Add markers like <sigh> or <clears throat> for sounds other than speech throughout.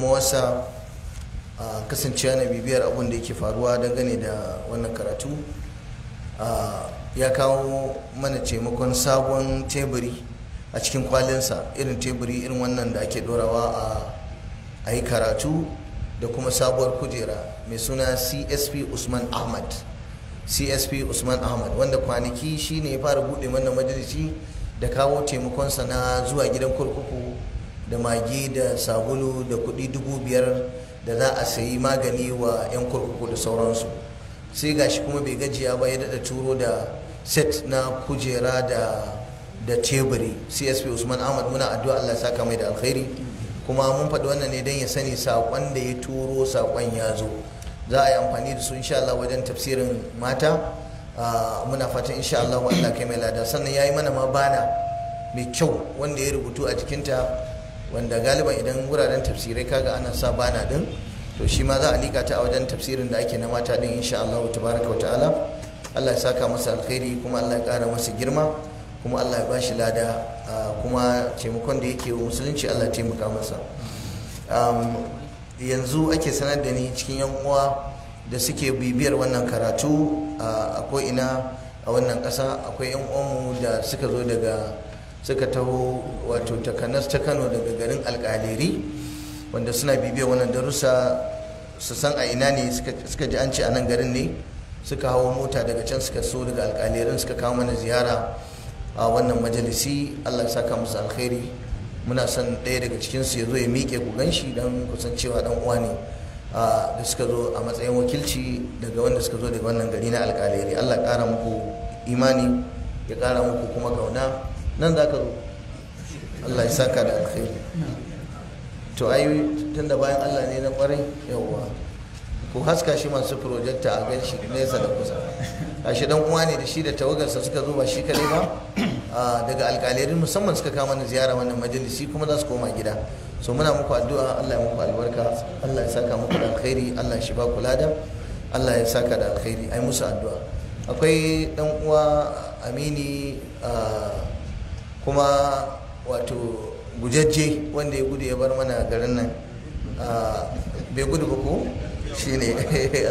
ma wasa a kasancewa na bibiyar abin da yake faruwa dangane da wannan karatu ya kawo mana taimakon sabon teburi a cikin kwalinsa irin teburi irin wannan da ake dorawa a yi karatu da kuma sabuwar kujera mai suna csp usman ahmad csp usman ahmad wanda kwanaki shine ya fara buɗe wannan majalisi da kawo taimakonsa na zuwa gidan kurkuku da magi da sabulu da kuɗi dubu biyar da za a sayi magani wa 'yan kurkuku da sauransu sai gashi kuma bai gajiya ba ya daɗa turo da set na kujera da da teburi csp usman ahmad muna addu'a allah saka mai da alkhairi kuma mun faɗi wannan ne don ya sani saƙon da ya turo saƙon ya zo za a yi amfani da su insha Allah wajen tafsirin mata muna fatan insha Allah Allah kai mai lada sannan ya yi mana ma bana mai kyau wanda ya rubutu a jikinta wanda galiban idan wuraren tafsirai kaga ana sa bana din to shi ma za a liƙa ta a wajen tafsirin da ake na mata din insha Allah tabaraka wa ta'ala Allah ya saka masa alkhairi kuma Allah ya ƙara masa girma kuma Allah ya bashi lada kuma taimakon da yake wa musulunci Allah ya taimaka masa yanzu ake sanar da ni cikin yan uwa da suke bibiyar wannan karatu a ina a wannan ƙasa akwai yan uwanmu da suka zo daga suka taho wato takanas ta kano daga garin alkaliri wanda suna bibiya wannan darussa su san a ina ne suka ji an ce a nan garin ne suka hawo mota daga can suka so daga alkalirin suka kawo mana ziyara a wannan majalisi allah ya saka musu alkhairi muna son ɗaya daga su ya zo ya miƙe ku ganshi don kusan cewa dan uwa ne da suka zo a matsayin wakilci daga wanda suka zo daga wannan gari na alkaliri allah ya ƙara muku imani ya ƙara muku kuma kauna nan za ka zo allah ya saka da alkhairi to ai tun da bayan allah ne na kwarai yawwa ku haska shi masu projecta a gan shi nesa da kusa a shi dan uwa ne da shi da tawagarsa suka zo ba shi kare ba ah, daga alkalirin musamman suka kama na ziyara wannan majalisi kuma za su koma gida so muna muku addu'a Allah ya muku albarka Allah ya saka muku da alkhairi Allah ya shi ba ku lada Allah ya saka da alkhairi ai musu addu'a akwai dan uwa Amini ah, kuma wato gujajje wanda ya gudu ya bar mana garin nan bai gudu ba ko shi ne <laughs>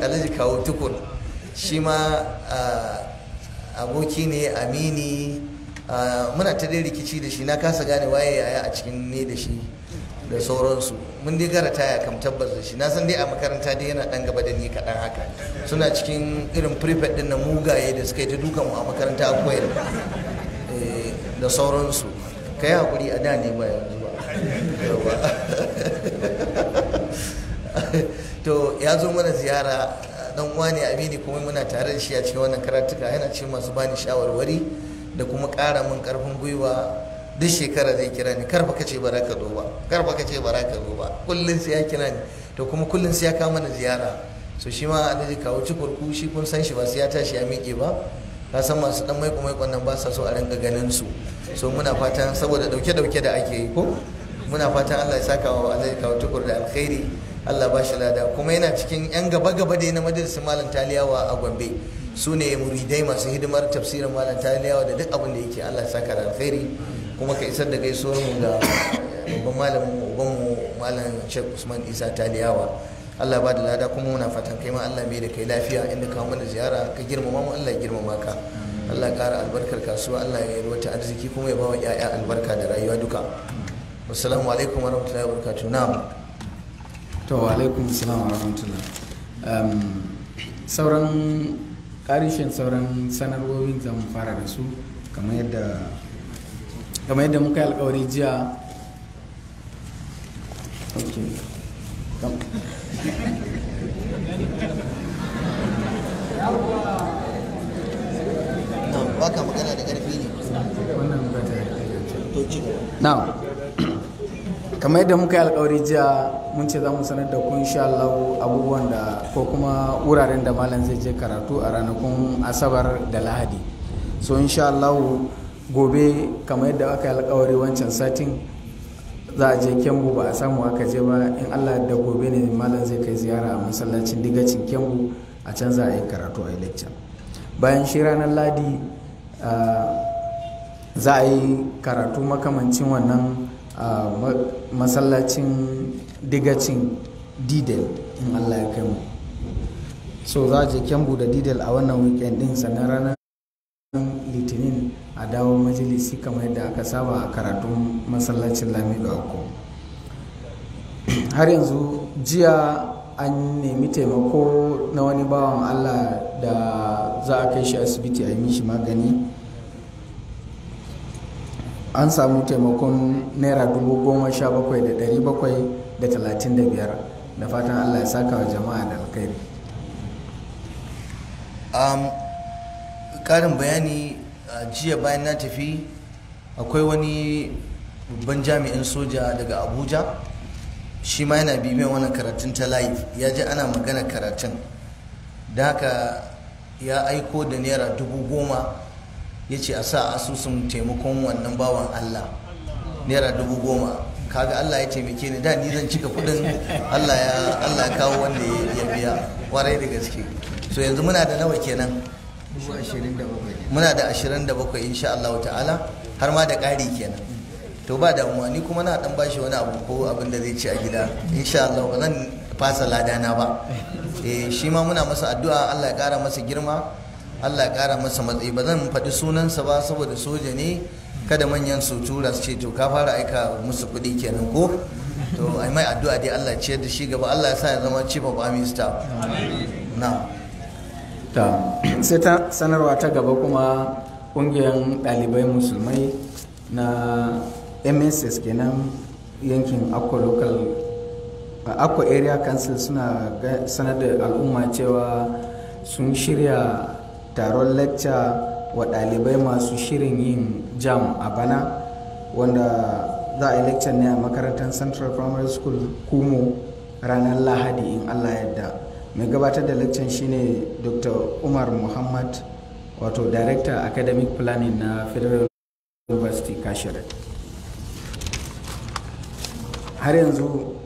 alhaji kawo tukun shi ma aboki ne amini muna ta dai rikici da shi na kasa gane waye yaya a cikin ne da shi da sauransu mun dai gara taya kam tabbas da shi na san dai a makaranta dai yana dan gaba da ni kaɗan haka suna cikin irin prefect din na mugaye da suka yi ta dukan mu a makaranta a koyar eh, da sauransu ka yi haƙuri a da ne ba yanzu ba <laughs> to ya zo mana ziyara dan wani ne amini kuma muna tare da shi a cikin wannan karatuka yana ce masu bani shawarwari da kuma ƙara min ƙarfin gwiwa duk shekara zai kira ni karfa ce bara ka zo ba karfa ce bara ka zo ba kullun sai ya kira ni to kuma kullun sai ya kawo mana ziyara so shi ma ji kawo cikurku shi kun san shi ba sai ya tashi ya miƙe ba ka san masu dan maiko maikon nan ba sa so a ringa ganin su so muna fatan saboda dauke dauke da ake yi ko muna fatan Allah ya saka wa alhaji kawo cikur da alkhairi Allah ba shi lada kuma yana cikin yan gaba gaba da na majalisar malam taliyawa a Gombe su ne muridai masu hidimar tafsirin malam taliyawa da duk abin da yake Allah saka da alkhairi kuma ka isar da gaisuwar mu ga babban malamin ubanmu malam Sheikh Usman Isa taliyawa Allah ba da lada kuma muna fatan kai ma Allah mai da kai lafiya inda ka mana ziyara ka girmama mu Allah ya girmama ka Allah kara albarkar kasuwa Allah ya yi ta arziki kuma ya bawa 'ya'ya albarka da rayuwa duka assalamu alaikum warahmatullahi wabarakatuh na'am to alaikum salam wa sauran karishin sauran sanarwowin za mu fara da su kamar yadda muka yi alkawari jiya Now, kamar yadda muka yi alkawari jiya mun ce za mu sanar da kun sha Allah abubuwan da ko kuma wuraren da malam zai je karatu a ranakun asabar da lahadi so in sha Allah gobe kamar yadda aka yi alkawari wancan satin za a je kyambu ba a samu aka je ba in Allah da gobe ne malam zai kai ziyara a masallacin digacin kyambu a can za a yi karatu a yi lecture bayan shi ranar ladi ah, za a yi karatu makamancin wannan a masallacin digacin didel in allah ya kai mu so za a je kyambu da didel a wannan weekend din sannan ranar litinin a dawo majalisi kamar yadda aka saba a karatun masallacin lamido ako har yanzu jiya an nemi taimako na wani bawan allah da za a kai shi asibiti a yi mishi magani an samu taimakon naira dubu goma sha bakwai da dari bakwai da talatin da biyar da fatan allah ya saka wa jama'a da alkhairi karin bayani a jiya bayan na tafi akwai wani babban jami'in soja daga abuja shi ma yana bibiyan wani karatun ta live ya ji ana magana karatun da haka ya aiko da naira dubu goma ya ce a sa asusun taimakon wannan bawan Allah naira dubu goma kaga Allah ya taimake ni da ni zan cika kudin Allah ya Allah kawo wanda ya biya warai da gaske so yanzu muna da nawa kenan muna da 27 insha Allah ta'ala har ma da ƙari kenan to ba damuwa ni kuma na dan bashi wani abu ko abin da zai ci a gida insha Allah ba zan fasa ladana ba eh shi ma muna masa addu'a Allah ya kara masa girma Allah ya kara masa matsayi ba zan faɗi sunansa ba saboda soja ne kada manyan su tura su ce to ka fara aika musu kuɗi kenan ko to ai mai addu'a dai Allah ciyar da shi gaba Allah ya sa ya zama chief of army staff na ta sai ta sanarwa ta gaba kuma ƙungiyar ɗalibai musulmai na mss kenan yankin akwa local akwa area council suna sanar da al'umma cewa sun shirya taron lecture wa ɗalibai masu shirin yin jam a bana wanda za a yi lecture ne a makarantar central primary school kumo ranar lahadi in allah yadda mai gabatar da lecture shine dr umar muhammad wato director academic planning na federal university kashirin har yanzu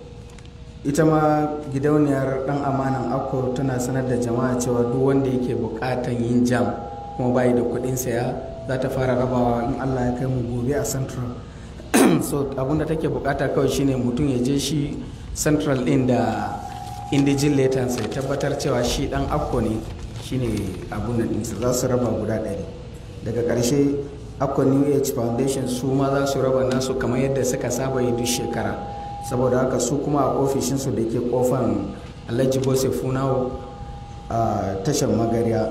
ita ma gidauniyar dan amanan akko tana sanar da jama'a cewa duk wanda yake bukatan yin jam kuma bayi da kudin saya za ta fara rabawa in allah ya kai mu gobe a central <clears throat> so abinda take bukata kawai shine mutum ya je shi central din da indijin letter sai tabbatar cewa shi dan akko ne shine abinda din ɗinsa za su raba guda ɗari daga ƙarshe akko new age foundation su ma za su raba nasu kamar yadda suka saba yi duk shekara saboda haka su kuma a ofishinsu da ke kofan alhaji bose funawo a tashar magarya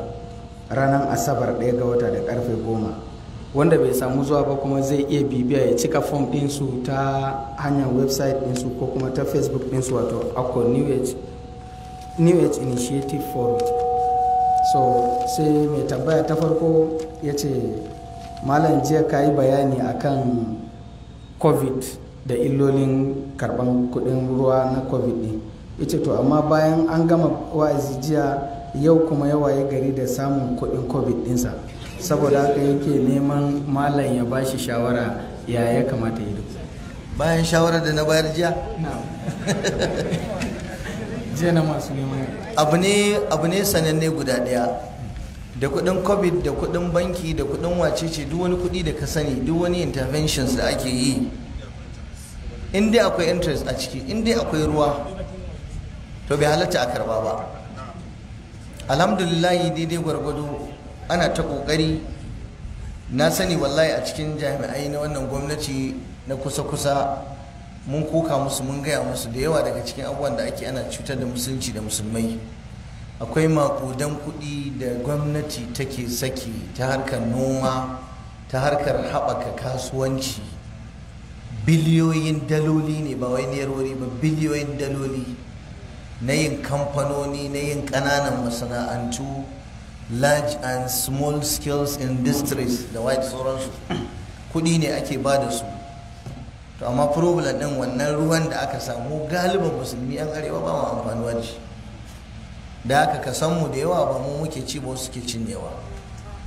ranar asabar ɗaya ga wata da karfe goma wanda bai samu zuwa ba kuma zai iya bibiya ya cika fom ɗinsu ta hanyar website ɗinsu ko kuma ta facebook ɗinsu wato akko new age new age initiative forum so sai mai tambaya ta farko ya ce malam jiya ka yi bayani akan covid da illolin karban kudin ruwa na covid ne ita to amma bayan an gama wa'azi jiya yau kuma ya gari da samun kudin covid dinsa saboda haka yake neman malam ya ba shi shawara ya ya kamata yi duk bayan shawarar da na bayar jiya <laughs> jiya na masu neman abu ne abu ne sananne guda daya da kudin covid da kudin banki da kudin wacece duk wani kudi da ka sani duk wani interventions da ake yi in dai akwai interest a ciki in dai akwai ruwa to bai halatta a karba ba alhamdulillahi daidai gwargwado ana ta kokari na sani wallahi a cikin jami'ai na wannan gwamnati na kusa-kusa mun koka musu mun gaya musu da yawa daga cikin abubuwan da ake ana cutar da musulunci da musulmai akwai makudan kuɗi da gwamnati take saki ta harkar noma ta harkar haɓaka kasuwanci biliyoyin daloli ne ba wai nerori ba biliyoyin daloli na yin kamfanoni na yin kananan masana'antu large and small skills industries da white sauransu kudi ne ake ba da su to amma problem din wannan ruwan da aka samu galiban musulmi yan arewa ba mu amfanuwa da shi da haka ka san mu da yawa ba mu muke ci ba suke cinyewa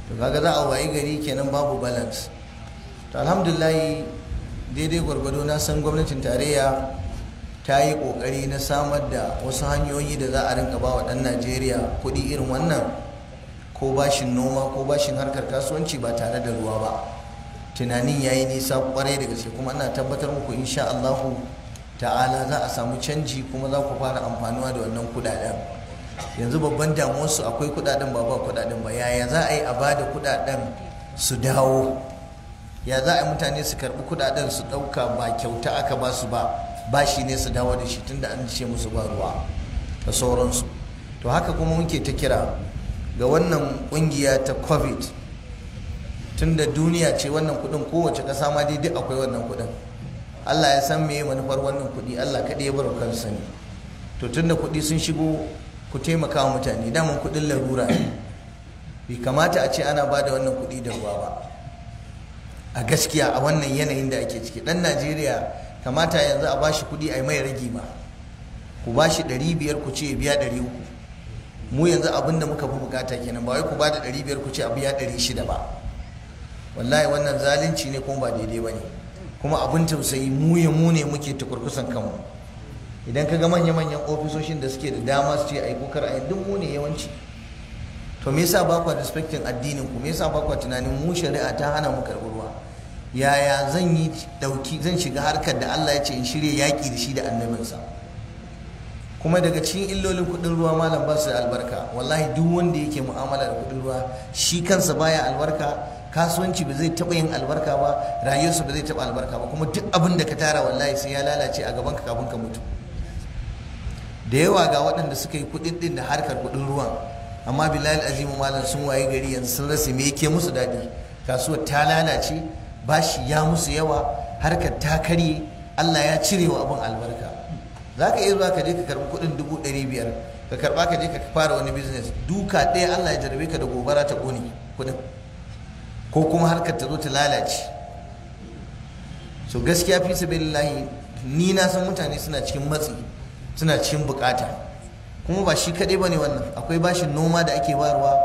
to kaga za a wayi gari kenan babu balance to alhamdulillah daidai gwargwado na san gwamnatin tarayya ta yi kokari na samar da wasu hanyoyi da za a rinka ba wa ɗan najeriya kuɗi irin wannan ko bashin noma ko bashin harkar kasuwanci ba tare da ruwa ba tunanin ya yi nisa kwarai da gaske kuma ana tabbatar muku insha allahu ta'ala za a samu canji kuma za ku fara amfanuwa da wannan kudaden yanzu babban damuwarsu akwai kudaden ba ba kudaden ba yaya za a yi a bada da kudaden su dawo ya za a mutane su karbi kudaden su ɗauka ba kyauta aka ba su ba bashi ne su dawo da shi tunda an ce musu ba ruwa da sauransu to haka kuma muke ta kira ga wannan kungiya ta covid tunda duniya ce wannan kudin kowace kasa ma dai duk akwai wannan kudin allah ya san meye manufar wannan kudi allah kaɗai ya bar kansa ne to tunda kudi sun shigo ku taimaka wa mutane daman kudin larura ne bai kamata a ce ana bada wannan kudi da ruwa ba a gaskiya a wannan yanayin da ake ciki dan najeriya kamata yanzu a bashi kuɗi a yi mai ragi ma ku bashi ɗari biyar ku ce biya ɗari uku mu yanzu abin da muka fi bukata kenan ba wai ku bada ɗari biyar ku ce a biya ɗari shida ba wallahi wannan zalunci ne kuma ba daidai ba ne kuma abin tausayi mu ya mu ne muke tukurkusan kanmu idan ka ga manya-manyan ofisoshin da suke da dama su ce a yi kokar a duk mu ne yawanci to me yasa ba ku respecting addinin ku me yasa ba ku tunanin mu shari'a ta hana mu karɓar yaya zan yi dauki zan shiga harkar da Allah ya ce in shirya yaƙi da shi da annabinsa kuma daga cikin illolin kuɗin ruwa malam ba su da albarka wallahi duk wanda yake mu'amala da kuɗin ruwa shi kansa baya albarka kasuwanci ba zai taɓa yin albarka ba rayuwarsa ba zai taɓa albarka ba kuma duk abin da ka tara wallahi sai ya lalace a gaban ka kafin ka mutu da yawa ga waɗanda suka yi kuɗin din da harkar kuɗin ruwan amma bilal azimu malam sun waye gari yanzu sun rasa me yake musu daɗi kasuwar ta lalace bashi ya musu yawa harkar ta karye Allah ya cire wa abin albarka za ka iya zuwa ka je ka karbi kuɗin dubu ɗari biyar ka karɓa ka je ka fara wani business duka ɗaya Allah ya jarabe ka da gobara ta ƙone kuɗin ko kuma harkar ta zo ta lalace so gaskiya fi sabilillahi ni na san mutane suna cikin matsi suna cikin bukata kuma ba shi kaɗai bane ne wannan akwai bashin noma da ake bayarwa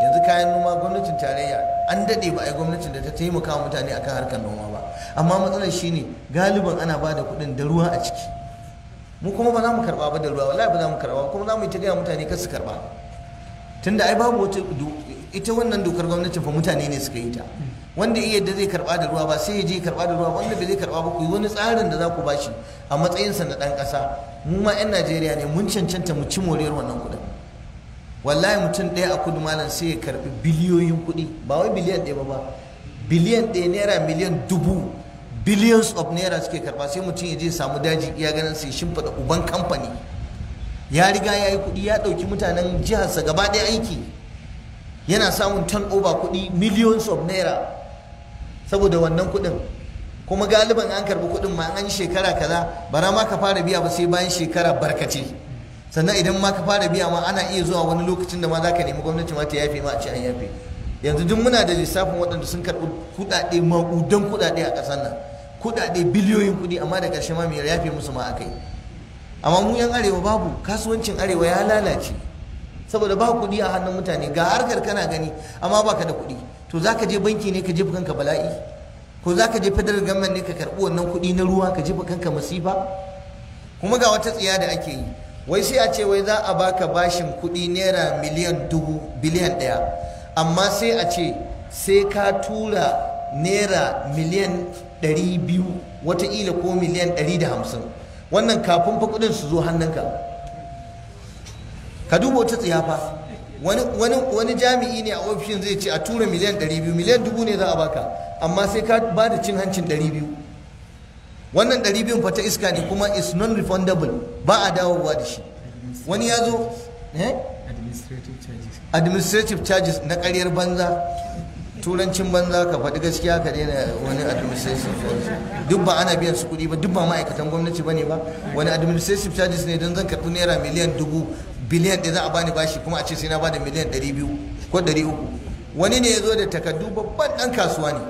yanzu kayan noma gwamnatin tarayya an daɗe ba a gwamnatin da ta taimaka wa mutane akan harkar noma ba amma matsalar shine galiban ana ba da kuɗin da ruwa a ciki mu kuma ba za mu karɓa ba da ruwa wallahi ba za mu karɓa kuma za mu yi ta gaya mutane kar su karɓa tunda ai babu wata ita wannan dokar gwamnatin fa mutane ne suka yi ta wanda iya da zai karba da ruwa ba sai ya je karba da ruwa wanda bai zai karba ba ku yi wani tsarin da za ku bashi a matsayinsa na dan kasa mu ma yan Najeriya ne mun cancanta mu ci moriyar wannan kuɗin wallahi mutum ɗaya a kudu malam sai ya karɓi biliyoyin kuɗi ba wai biliyan ɗaya ba ba biliyan ɗaya naira miliyan dubu billions of naira suke karɓa. sai mutum ya je samu daji iya ganin sai shimfiɗa uban kamfani ya riga ya yi kuɗi ya ɗauki mutanen jiharsa gaba ɗaya aiki yana samun ton over kuɗi millions of naira saboda wannan kuɗin kuma galiban an karɓi kuɗin ma an shekara kaza bara ma ka fara biya ba sai bayan shekara barkace sannan idan ma ka fara biya ma ana iya zuwa wani lokacin da ma za ka nemi gwamnati ma ta yafe ma a ce an yafe yanzu duk muna da lissafin waɗanda sun karɓi kuɗaɗe maƙudan kuɗaɗe a ƙasar nan kuɗaɗe biliyoyin kuɗi amma da ƙarshe ma mai yafe musu ma aka yi amma mu yan arewa babu kasuwancin arewa ya lalace saboda ba kuɗi a hannun mutane ga harkar kana gani amma ba ka da kuɗi to za ka je banki ne ka jefa kanka bala'i ko za ka je federal government ne ka karɓi wannan kuɗi na ruwa ka jefa kanka masifa kuma ga wata tsiya da ake yi wai sai a ce wai za a baka bashin kuɗi naira miliyan dubu biliyan ɗaya amma sai a ce sai ka tura naira miliyan ɗari biyu wataƙila ko miliyan ɗari da hamsin wannan kafin fa kuɗin su zo hannunka ka duba wata tsiya fa wani jami'i ne a ofishin zai ce a tura miliyan ɗari biyu miliyan dubu ne za a baka amma sai ka ba da cin hancin ɗari biyu wannan ɗari biyun fata iska ne kuma is non refundable ba a dawowa da shi wani ya zo eh? administrative charges na karyar banza turancin banza ka faɗi gaskiya ka daina wani administrative charges duk ba ana biyan su kuɗi ba duk ba ma'aikatan gwamnati ba ne ba wani administrative charges ne don zan karɓi naira miliyan dubu biliyan da za a bani bashi kuma a ce sai na bada miliyan ɗari biyu ko ɗari uku wani ne ya zo da takardu babban ɗan kasuwa ne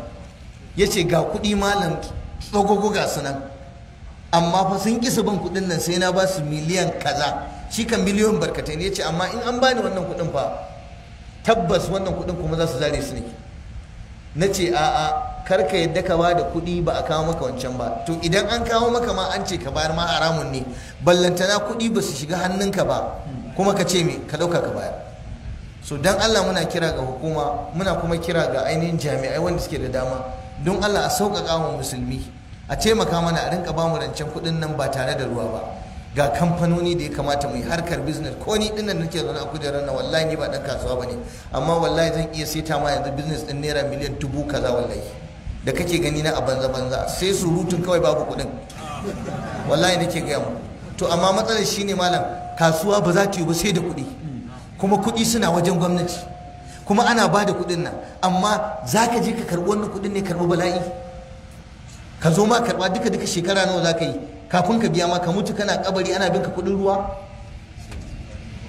ya ce ga kuɗi malam tsogogo ga sunan amma fa sun ƙi ban kuɗin nan sai na ba su miliyan kaza shi kan miliyon barkatai ne ce amma in an bani wannan kuɗin fa tabbas wannan kuɗin kuma za su zare su ne na ce a'a kar ka yadda ka ba da kuɗi ba a kawo maka wancan ba to idan an kawo maka ma an ce ka bayar ma haramun ne ballantana kuɗi ba su shiga hannunka ba kuma ka ce me ka ɗauka ka bayar so dan Allah muna kira ga hukuma muna kuma kira ga ainihin jami'ai wanda suke da dama don Allah a sauƙaƙa wa musulmi a taimaka mana a rinka bamu rancen kuɗin nan ba tare da ruwa ba ga kamfanoni da ya kamata mu yi harkar business ko ni dinnan nake zaune a kujerar na wallahi ni ba dan kasuwa bane amma wallahi zan iya saita ma yanzu business din naira miliyan dubu kaza wallahi da kake gani na a banza banza sai surutun kawai babu kuɗin wallahi nake gaya mu to amma matsalar shine malam kasuwa ba za ta yi ba sai da kuɗi kuma kuɗi suna wajen gwamnati kuma ana ba da kuɗin nan amma za ka je ka karbi wannan kuɗin ne karɓi bala'i ka zo ma karɓa duka duka shekara nawa za ka yi kafin ka biya ma ka mutu kana kabari ana bin ka kuɗin ruwa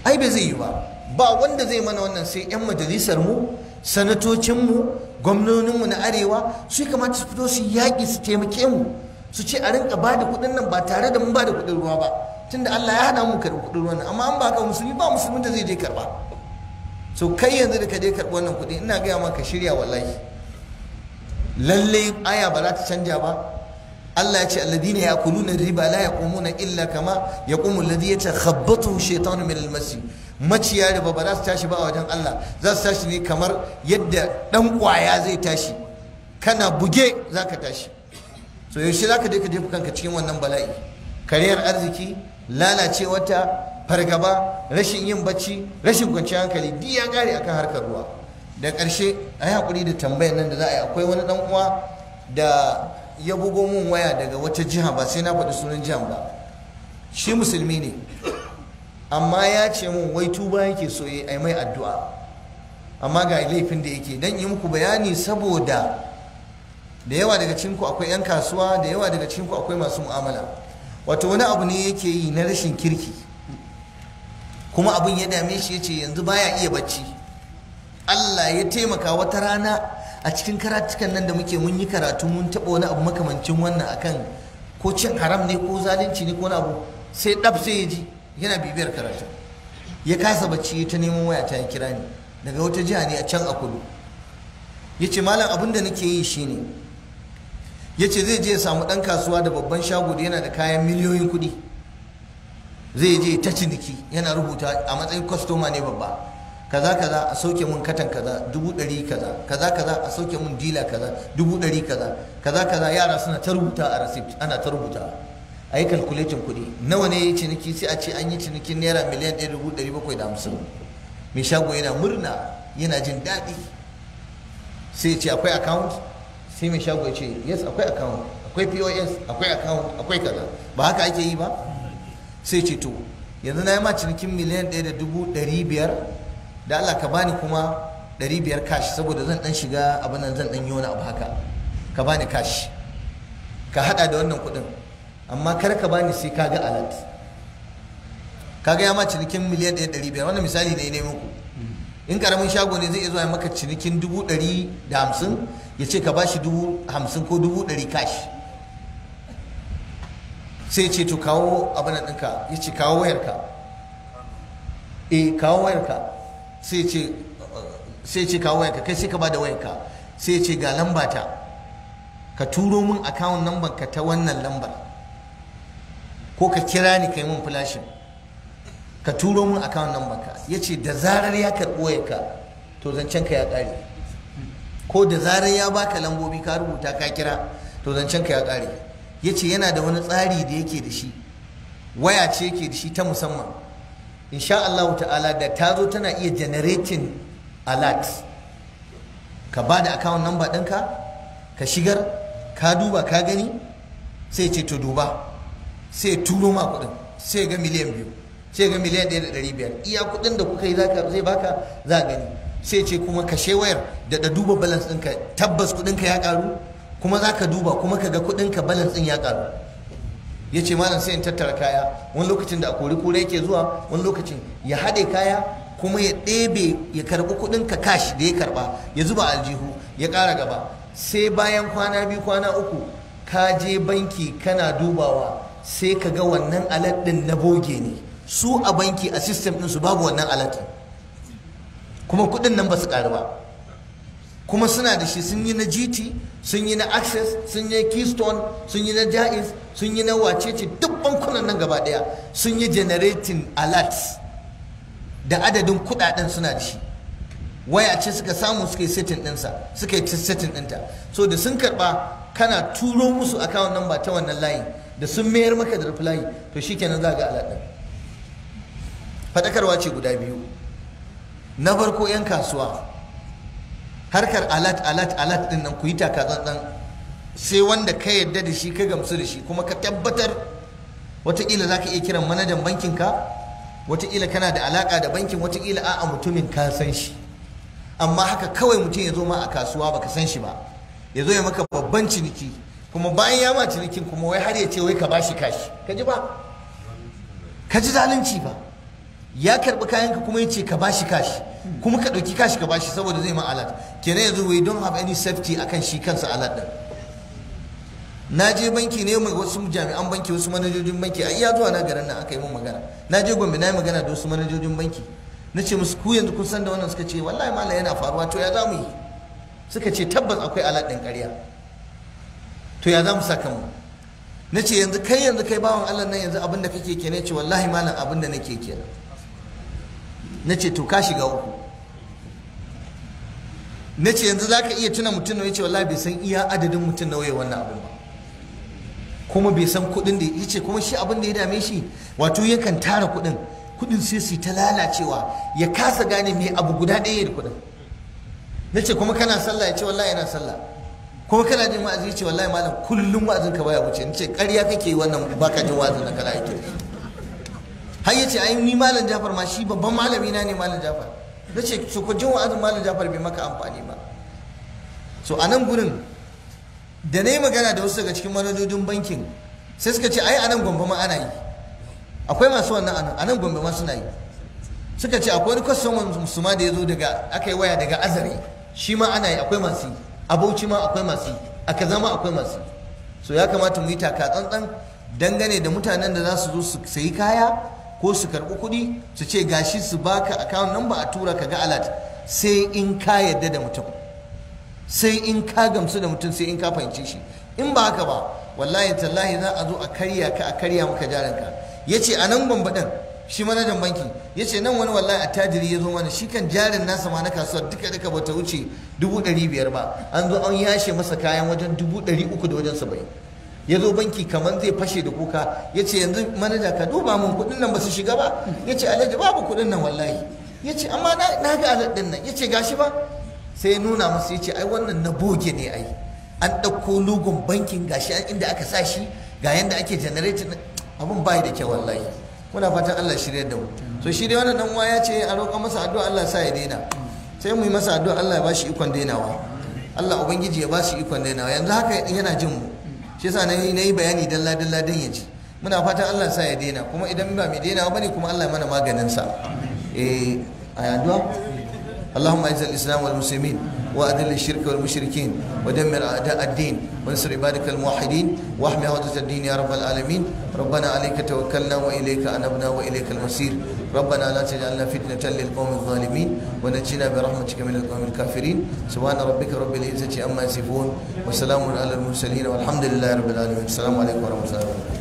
ai bai zai yi ba ba wanda zai mana wannan sai 'yan majalisar mu sanatocin mu, gwamnonin mu na arewa su kamata su fito su yaƙi su taimake mu su ce a rinka ba da kuɗin nan ba tare da mun ba da kuɗin ruwa ba tunda Allah ya hana mu karɓi kuɗin ruwan amma an ba ka musulmi ba musulmin da zai je karɓa so kai yanzu da ka je karɓi wannan kuɗi ina gaya maka shirya wallahi lallai aya ba za ta canja ba Allah ya ce alladina yakuluna riba la yaqumuna illa kama yaqumu alladhi yatakhabbathu shaytanu min almasi maciya riba ba za su tashi ba a wajen Allah za su tashi ne kamar yadda dan kwaya zai tashi kana buge zaka tashi so yaushe zaka je ka jefa kanka cikin wannan bala'i kariyar arziki lalacewata fargaba rashin yin bacci rashin kwanciyar hankali duk ya kare akan harkar ruwa da ƙarshe a yi haƙuri da tambayar nan da za a yi akwai wani ɗan uwa da ya bugo mun waya daga wata jiha ba sai na faɗi sunan jihar ba shi musulmi ne amma ya ce mun wai tuba yake so yi ai mai addu'a amma ga laifin da yake dan yi muku bayani saboda da yawa daga cinku akwai 'yan kasuwa da yawa daga cinku akwai masu mu'amala wato wani abu ne yake yi na rashin kirki kuma abin ya dame shi yace yanzu baya iya bacci Allah ya taimaka wata rana a cikin karatukan nan da muke mun yi karatu mun taɓa wani abu makamancin wannan akan ko cin haram ne ko zalunci ne ko wani abu sai ɗaf sai ya ji yana bibiyar karatu ya kasa bacci ta neman waya ta kira ni daga wata jiha ne a can a kudu ya ce malam abin da nake yi shine Yace zai je ya samu ɗan kasuwa da babban shago da yana da kayan miliyoyin kuɗi zai je ta ciniki yana rubuta a matsayin kwastoma ne babba kaza kaza a sauke mun katan kaza dubu ɗari kaza kaza kaza a sauke mun dila kaza dubu ɗari kaza kaza kaza yara suna ta rubuta a receipt ana ta rubuta a yi kalkuletin kuɗi nawa ne yi ciniki sai a ce an yi cinikin naira miliyan ɗaya dubu ɗari bakwai da hamsin mai shago yana murna yana jin daɗi sai ce akwai account sai mai shago ya ce yes akwai account akwai pos akwai account akwai kaza ba haka ake yi ba sai ce to yanzu na yi ma cinikin miliyan ɗaya da dubu ɗari biyar da Allah ka bani kuma ɗari biyar kash saboda zan ɗan shiga abin nan zan ɗan yi wani abu haka ka bani kash. ka haɗa da wannan kuɗin amma kar ka bani sai ka ga alat ka ga ya ma cinikin miliyan ɗaya ɗari biyar wannan misali ne ne muku in karamin shago ne zai iya zuwa maka cinikin dubu ɗari da hamsin ya ce ka shi dubu hamsin ko dubu ɗari kash. sai ce to kawo abin ɗinka ya ce kawo wayarka E, kawo wayarka sai ce sai ce kawo wayarka kai sai ka bada wayarka sai ce ga lamba ta ka turo min akawun lambar ka ta wannan lambar ko ka kira ni kai min flashin ka turo min akawun lambar ka ya ce da zarar ya karɓi wayarka to zancen ka ya ƙare ko da zarar ya baka lambobi ka rubuta ka kira to zancen ka ya ƙare ya ce yana da wani tsari da yake da shi waya ce yake da shi ta musamman insha Allah ta'ala da ta zo tana iya generating alert ka ba da account number ɗinka ka shigar ka duba ka gani sai ce to duba sai turo ma kuɗin sai ga miliyan biyu sai ga miliyan ɗaya da ɗari biyar iya kuɗin da kuka yi zai baka za gani sai ce kuma kashe wayar da da duba balance ɗinka tabbas kuɗinka ya ƙaru kuma za ka duba kuma ka ga kuɗin ka balance ɗin ya ƙaru ya ce malam sai in tattara kaya wani lokacin da a kori kura yake zuwa wani lokacin ya haɗe kaya kuma ya ɗebe ya karɓi kuɗin ka kash da ya karɓa ya zuba aljihu ya ƙara gaba sai bayan kwana biyu kwana uku ka je banki kana dubawa sai ka ga wannan alat ɗin na boge ne su a banki a sistem su babu wannan alat kuma kuɗin nan ba su ƙaru ba kuma suna da shi sun yi na GT sun yi na Access sun yi Keystone sun yi na Jaiz sun yi na wacece duk bankunan nan gaba daya sun yi generating alerts da adadin kudaden suna da shi waya ce suka samu suka yi setting ɗinsa suka yi setting ɗinta so da sun karɓa kana turo musu account number ta wannan layi da sun mayar maka da reply to shikenan za ga alaɗin faɗakarwa ce guda biyu na farko 'yan kasuwa harkar alat alat alat din nan ku yi taka tsantsan sai wanda ka yadda da shi ka gamsu da shi kuma ka tabbatar wataƙila za ka iya kiran manajan bankin ka wataƙila kana da alaƙa da bankin wataƙila a'a mutumin ka san shi amma haka kawai mutum ya zo ma a kasuwa baka san shi ba ya zo ya maka babban ciniki kuma bayan ya ma cinikin kuma wai har ya ce wai ka bashi kashi ka ji ba ka ji zalunci ba ya karɓi kayanka kuma ya ce ka bashi kashi kuma ka ɗauki kashi ka bashi saboda zai ma alat kenan yanzu we don't have any safety akan shi kansa alat din na je banki ne mai wasu jami'an banki wasu manajojin banki a iya zuwa na garin nan aka yi min magana na je gombe na yi magana da wasu manajojin banki na ce musu ku yanzu kun san da wannan suka ce wallahi malam yana faruwa to ya za mu yi suka ce tabbas akwai alat din ƙarya to ya za mu saka mu na ce yanzu kai yanzu kai bawan allah nan yanzu abinda da kake kenan ce wallahi malam abinda da nake kenan na ce to ka shiga uku na ce yanzu za ka iya tuna mutum na wace wallahi bai san iya adadin mutum na waye wannan abin ba kuma bai san kuɗin da ya ce kuma shi abin da ya dame shi wato yakan tara kuɗin kuɗin sai su ta lalacewa ya kasa gane mai abu guda ɗaya da kuɗin na ce kuma kana sallah ya ce wallahi yana sallah kuma kana jin wa'azi ya ce wallahi malam kullum wa'azin ka baya wuce Na ce ƙarya kake yi wannan baka jin wa'azin da kana yake har yace ai ni malam Jafar ma shi babban malami na ne malam Jafar nace to ko jin wa'azin malam Jafar bai maka amfani ba so a nan gurin da nayi magana da wasu daga cikin manajojin bankin sai suka ce ai a nan Gombe ma ana yi akwai masu wannan anan a nan Gombe ma suna yi suka ce akwai wani kwastoman musuma da ya zo daga aka yi waya daga azare shi ma ana yi akwai masu yi a bauchi ma akwai masu yi a kaza ma akwai masu yi so ya kamata mu yi taka tsantsan dangane da mutanen da za su zo su sayi kaya ko su karɓi kuɗi su ce gashi su baka account number a tura ka ga alat sai in ka yadda da mutum sai in ka gamsu da mutum sai in ka fahimci shi in ba haka ba wallahi tallahi za a zo a karya ka a karya maka ya yace a nan bambaɗin shi manajan banki yace nan wani wallahi attajiri ya zo mana shi kan jarin nasa ma na kasuwar duka duka bata wuce dubu ba an zo an yashe masa kayan wajen dubu da wajen saba'in ya zo banki kamar zai fashe da kuka ya ce yanzu manaja ka duba mun kuɗin nan ba su shiga ba ya ce alhaji babu kuɗin nan wallahi ya ce amma na ga alhaji nan ya ce gashi ba sai ya nuna musu ya ce ai wannan na boge ne ai an ɗauko lugun bankin gashi an inda aka sa shi ga yanda ake generate abun bai da kyau wallahi muna fatan Allah shirya da mu so shi dai wannan dan uwa ya ce a roƙa masa addu'a Allah sa ya daina sai mu yi masa addu'a Allah ya ba shi ikon dainawa Allah ubangiji ya ba shi ikon dainawa yanzu haka yana jin mu shi yasa na yi bayani dalla dalla din ya ji muna fatan Allah sa ya daina kuma idan ba mai daina bane kuma Allah mana maganin sa eh a addu'a اللهم اعز الاسلام والمسلمين واذل الشرك والمشركين ودمر اعداء الدين وانصر عبادك الموحدين واحمي عوده الدين يا رب العالمين ربنا عليك توكلنا وإليك أنبنا وإليك المصير ربنا لا تجعلنا فتنة للقوم الظالمين ونجنا برحمتك من القوم الكافرين سبحان ربك رب العزة عما يصفون وسلام على المرسلين والحمد لله رب العالمين السلام عليكم ورحمة الله وبركاته